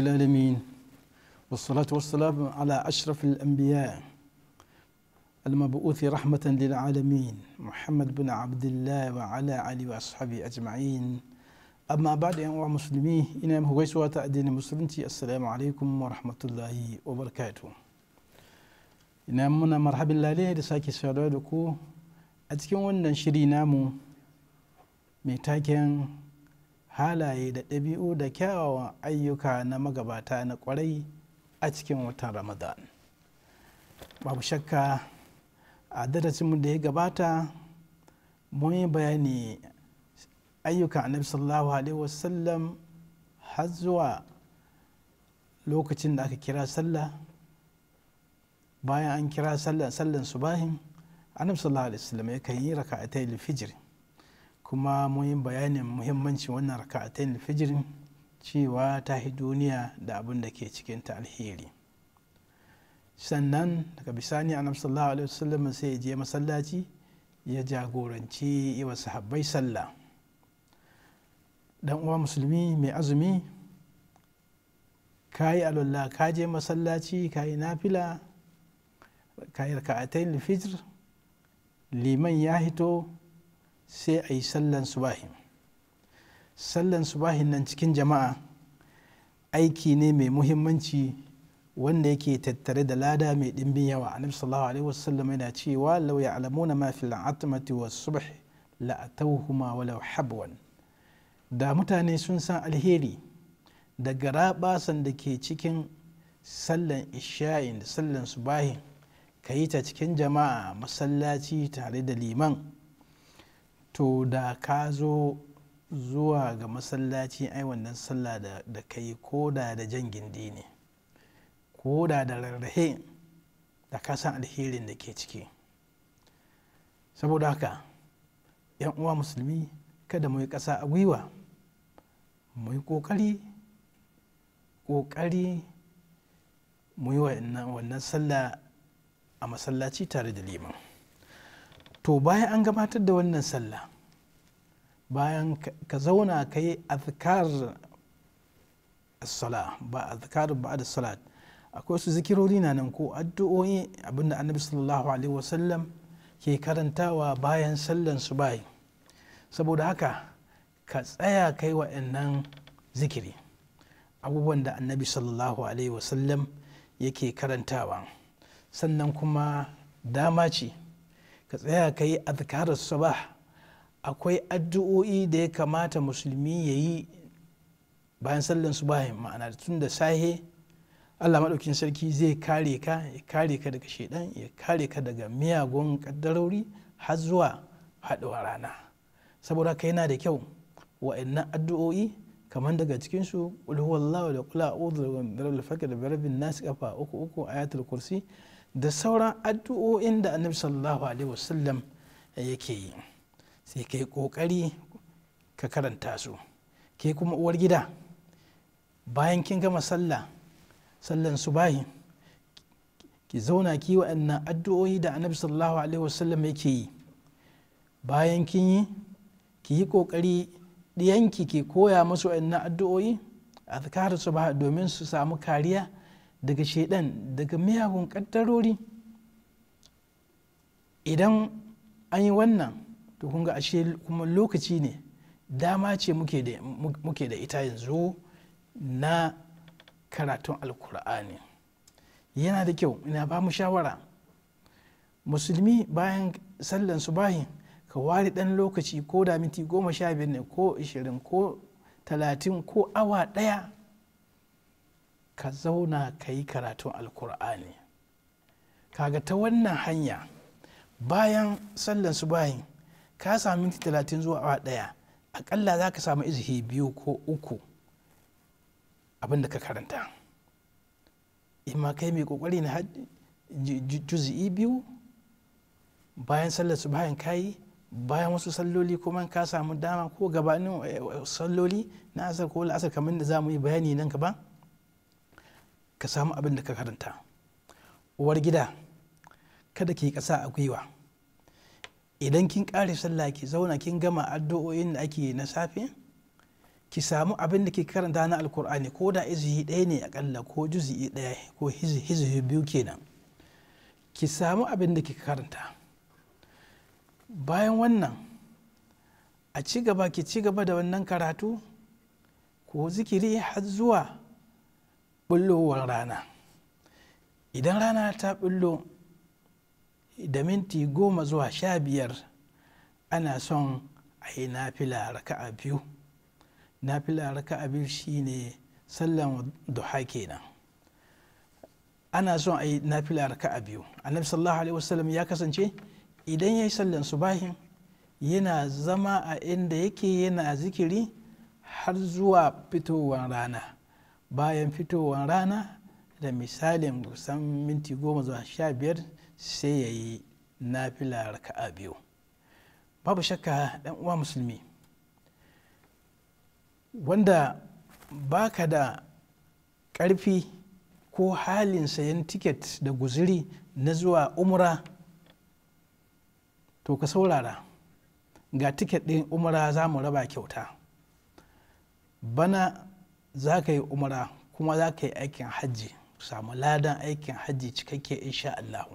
العالمين والصلاة والسلام على أشرف الأنبياء المبعوث رحمة للعالمين محمد بن عبد الله وعلى علي وأصحابه أجمعين أما بعد أيها المسلمين إن مهويس وتأدين مسلمتي السلام عليكم ورحمة الله وبركاته إن منا مرحبا لله لساكي سعدوكو أتكون شرينامو ميتاكين halaye da ɗabi'u da kyawawan ayyuka na magabata na kwarai a cikin watan ramadan babu shakka a darasinmu da ya gabata mun yi bayani ayyukan annabi sallallahu alaihi wasallam har zuwa lokacin da aka kira sallah bayan an kira sallan subahin annabi sallallahu alaihi wasallam kan yi raka'atai fijirin. kuma mun yi bayanin muhimmancin wannan raka'atain fijirin cewa ta hi duniya da abin da ke cikin ta alheri sannan daga bisani annabi sallallahu alaihi wasallam sai ya je masallaci ya jagoranci iwa sahabbai sallah dan uwa musulmi mai azumi kayi alwallah ka je masallaci kayi nafila yi raka'atain fijir liman ya hito sai a yi sallan subahi sallan subahin nan cikin jama'a aiki ne mai muhimmanci wanda yake tattare da lada mai ɗimbin yawa annabi sallallahu alaihi wasallam yana cewa lauya alamuna ma fil atmati wasu subh la atawhuma wala habwan da mutane sun san alheri da garaɓasan da ke cikin sallan isha'in da sallan subahin ka yi ta cikin jama'a masallaci tare da liman to da ka zo zuwa ga masallaci ai wannan sallah da kai ko da da jan gindi ko da da rarrahe da ka san alherin da ke ciki saboda haka yan uwa musulmi kada mu yi ƙasa a gwiwa mu yi ƙoƙari ƙoƙari mu yi wannan sallah a masallaci tare da liman to bayan an gabatar da wannan sallah bayan ka zauna ka yi azkar sala ba azkar ba da salat akwai su zikirori na nan ko addu'o'i abinda annabi sallallahu alaihi wasallam ke karantawa bayan sallan su bayi saboda haka ka tsaya kai wa'annan zikiri abubuwan da annabi sallallahu alaihi wasallam yake karantawa sannan kuma dama ce ka tsaya ka yi azkarar sabah akwai addu'o'i da ya kamata musulmi ya yi bayan sallan subah ma'ana tun da sahe allah maɗaukin sarki zai kare ka ya kare ka daga shaidan ya kare ka daga miyagun ƙaddarori har zuwa haɗuwar rana saboda ka yana da kyau wa'annan addu'o'i kamar daga cikinsu ulhuwallahu da kula da rabbil da rabbin nas kafa uku uku a ayatul kursi da sauran addu'o'in da annabi sallallahu alaihi wasallam yake yi sai kai kokari ka karanta su ke kuma uwar gida bayan kin gama sallah sallan subahi ki zauna ki wa'annan addu'o'i da annabi sallallahu alaihi wasallam yake yi bayan kin yi ki yi kokari diyanki ke koya musu wa'annan addu'o'i azkar subha domin su samu kariya daga shaidan daga miyagun kaddarori idan an yi wannan to kunga ashe kuma lokaci ne dama ce muke da ita yanzu na karatun alkur'ani yana da kyau ina ba mu shawara musulmi bayan sallan bayi ka ware dan lokaci ko da minti goma sha biyar ne ko ishirin ko talatin ko awa daya. ka zauna ka yi karatun alkur'ani kaga ta wannan hanya bayan sallan su bayan ka sami minti talatin zuwa awa ɗaya akalla za ka samu izihi biyu ko uku abin ka karanta imma kai mai kokari na juzi'i biyu bayan sallar su bayan kayi bayan wasu salloli kuma ka samu dama ko gabanin eh, salloli na asar ko la'asar kamar da za mu yi bayani nan gaba ka samu abin da ka karanta uwar gida kada ki kasa a gwiwa idan kin kare sallah ki zauna kin gama addu'o'in da ake na safe ki samu abin da ke karanta na alkur'ani ko da izihi ɗaya ne a ƙalla, ko juzi'i ɗaya ko hizihi biyu kenan ki samu abin da ke karanta bayan wannan a ci gaba ki ci gaba da wannan karatu ko zikiri har zuwa bullowar rana idan rana ta bullo da minti goma zuwa sha biyar ana son a yi nafila raka'a biyu nafila raka'a biyu shine sallan duha kenan ana son a yi nafila raka'a biyu annabi sallallahu alaihi wasallam ya kasance idan ya yi sallan subahin yana zama a inda yake yana zikiri har zuwa fitowar rana bayan fitowar rana da misalin kusan minti goma zuwa sha biyar sai ya yi nafila ka'a biyu babu shakka dan uwa musulmi wanda baka da ƙarfi ko halin sayan tiket da guziri na zuwa umra to ka saurara ga tiket ɗin umra za mu raba kyauta bana za ka yi umara kuma za ka yi aikin hajji samu ladan aikin hajji cikakke insha Allah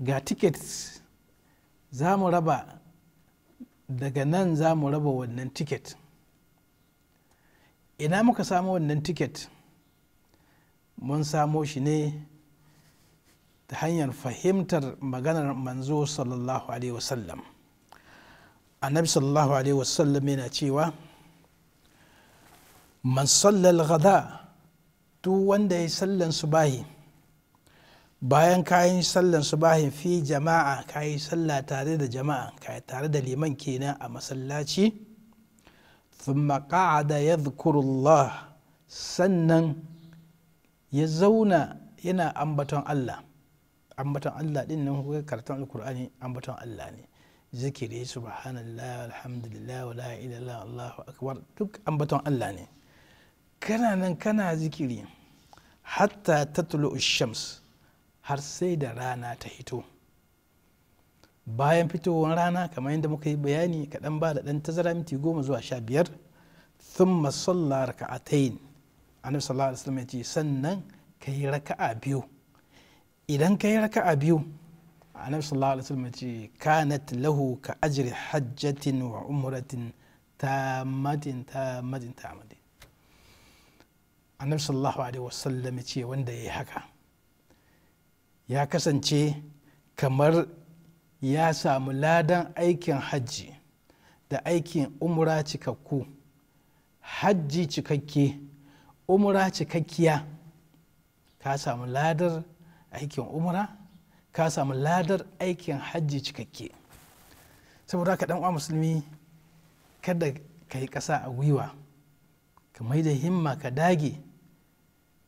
ga tickets za mu raba daga nan za mu raba wannan ticket ina muka samu wannan ticket mun samo shi ne ta hanyar fahimtar maganar manzo sallallahu alaihi wasallam annabi sallallahu alaihi wasallam yana cewa man sallal gada duk wanda ya sallan subahi bayan kayan sallan subahi fi jama'a kayi sallah tare da jama'a kayi tare da liman kenan a masallaci thumma qa'ada yadhkurullah sannan ya zauna yana ambaton Allah ambaton Allah din nan kuka karatun alkur'ani ambaton Allah ne zikiri subhanallah alhamdulillah wala ilaha akbar duk ambaton Allah ne kana nan kana zikiri hatta ta shams har sai da rana ta hito bayan fitowar rana kamar yadda muka yi bayani kaɗan ba da ɗan tazara minti goma zuwa sha biyar thumma salla raka'atayn annabi sallallahu alaihi wasallam ya ce sannan ka yi raka'a biyu idan ka yi raka'a biyu annabi sallallahu alaihi wasallam ya ce kanat lahu ka ajri hajjatin wa umratin tamatin tamatin tamatin annabi sallallahu alaihi wasallam ce wanda ya yi haka ya kasance kamar ya samu ladan aikin hajji da aikin umra cikakku hajji cikakke umra cikakkiya ka samu ladar aikin umra ka samu ladar aikin hajji cikakke saboda haka uwa musulmi kada ka yi ƙasa a gwiwa ka mai da himma ka dage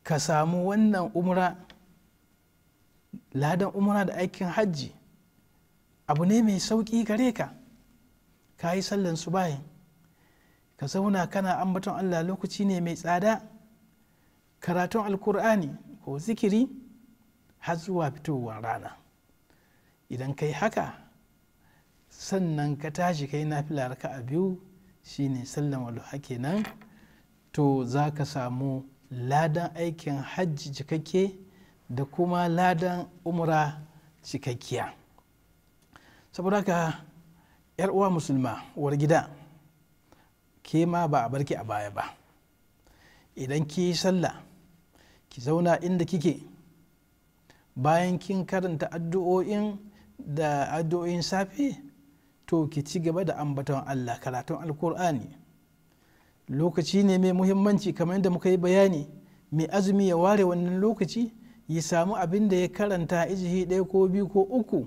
ka samu wannan umra ladan umra da aikin hajji abu ne mai sauƙi gare ka ka yi sallan su bayan ka zauna kana ambaton allah lokaci ne mai tsada karatun alkur'ani ko zikiri har zuwa fitowar rana idan ka yi haka sannan ka tashi kai na fila raka a biyu shine sallan hake nan to za ka samu ladan aikin hajji cikakke da kuma ladan umra cikakkiya saboda 'yar uwa musulma uwar gida ke ma ba a barki a baya ba idan ki yi sallah ki zauna inda kike bayan kin karanta addu'o'in da addu'o'in safe to ki ci gaba da ambaton allah karatun alkur'ani lokaci ne mai muhimmanci kamar yadda muka yi bayani mai azumi ya ware wannan lokaci ya samu abin da ya karanta ijihi ɗaya ko biyu ko uku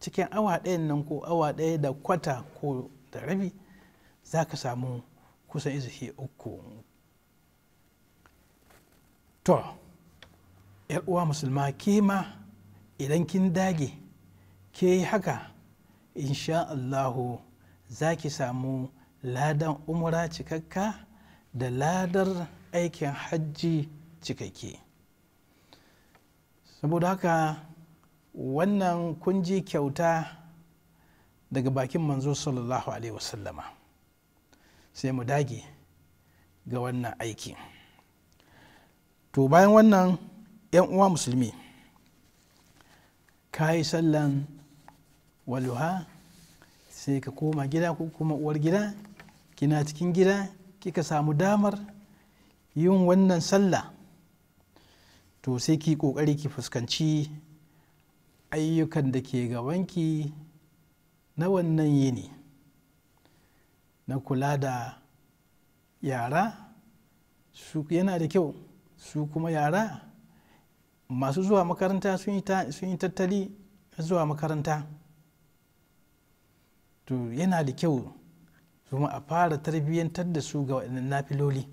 cikin awa ɗayan nan ko awa ɗaya da kwata ko da rabi za ka samu kusan ijihi uku to uwa musulma ke ma idan kin dage ke haka insha allahu za ki samu ladan umra cikakka da ladar aikin hajji cikakke saboda haka wannan kunji kyauta daga bakin manzo sallallahu alaihi wasallama sai mu dage ga wannan aiki to bayan wannan 'yan uwa musulmi ka yi sallan waluha sai ka koma gida ko kuma uwar gida kina cikin gida kika samu damar yin wannan sallah to sai ki kokari ki fuskanci ayyukan da ke gabanki na wannan yini na kula da yara su yana da kyau su kuma yara masu zuwa makaranta sun yi tattali zuwa makaranta to yana da kyau kuma a fara tarbiyyantar da su ga waɗannan nafiloli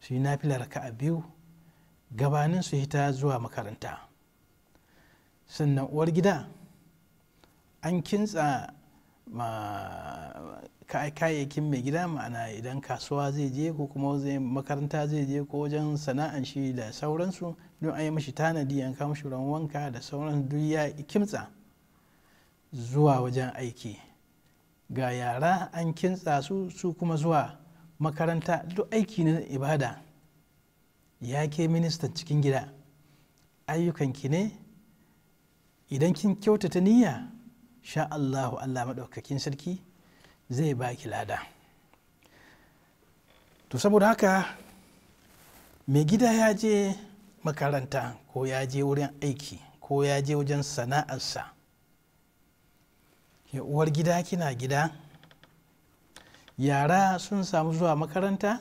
su yi nafilar a biyu gabanin su hita zuwa makaranta sannan uwar gida an kintsa kayayyakin mai gida ma'ana idan kasuwa zai je ko kuma makaranta zai je ko wajen sana'an shi da sauransu don a yi mashi tanadi an kawo wanka da sauran duk ya kimtsa zuwa wajen aiki ga yara an kintsa su su kuma zuwa makaranta duk aiki na ibada ya ke ministan cikin gida ayyukanki ne idan kin kyautata niyya sha Allahu Allah maɗaukakin sarki zai baki lada to saboda haka mai gida ya je makaranta ko ya je wurin aiki ko ya je wajen sana'arsa ya uwar gida kina gida yara sun samu zuwa makaranta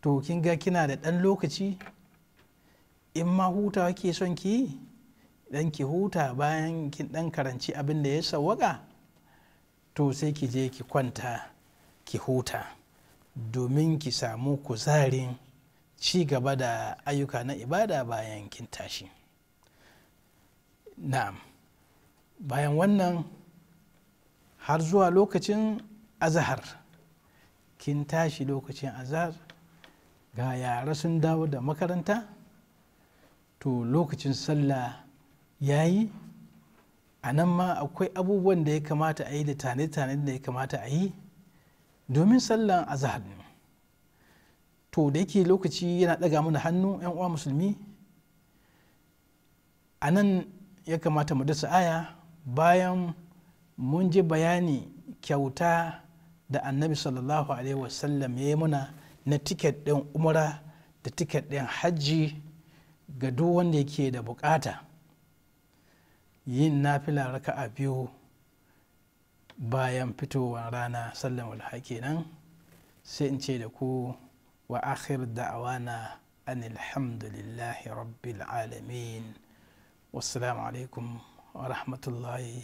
to kin ga kina da ɗan lokaci in ma hutawa ke son ki dan ki huta bayan kin ɗan karanci abin da ya sawwaka to sai ki je ki kwanta ki huta domin ki samu kuzarin ci gaba da ayyuka na ibada bayan kin tashi na'am bayan wannan har zuwa lokacin azahar kin tashi lokacin azahar ga yara sun dawo da makaranta to lokacin sallah ya yi a nan ma akwai abubuwan da ya kamata a yi da tane-tane da ya kamata a yi domin sallan azahar ne to da yake lokaci yana ɗaga mana hannu 'yan uwa musulmi a nan ya kamata mu dasa aya bayan mun ji bayani kyauta da annabi sallallahu alaihi wasallam ya yi muna na tiket ɗin umra da tiket ɗin hajji ga duk wanda yake da bukata yin nafila a biyu bayan fitowar rana sallam alhaƙi nan sai in ce da ku wa akhir da'awana an alhamdulillahi rabbil alamin wassalamu alaikum ورحمة الله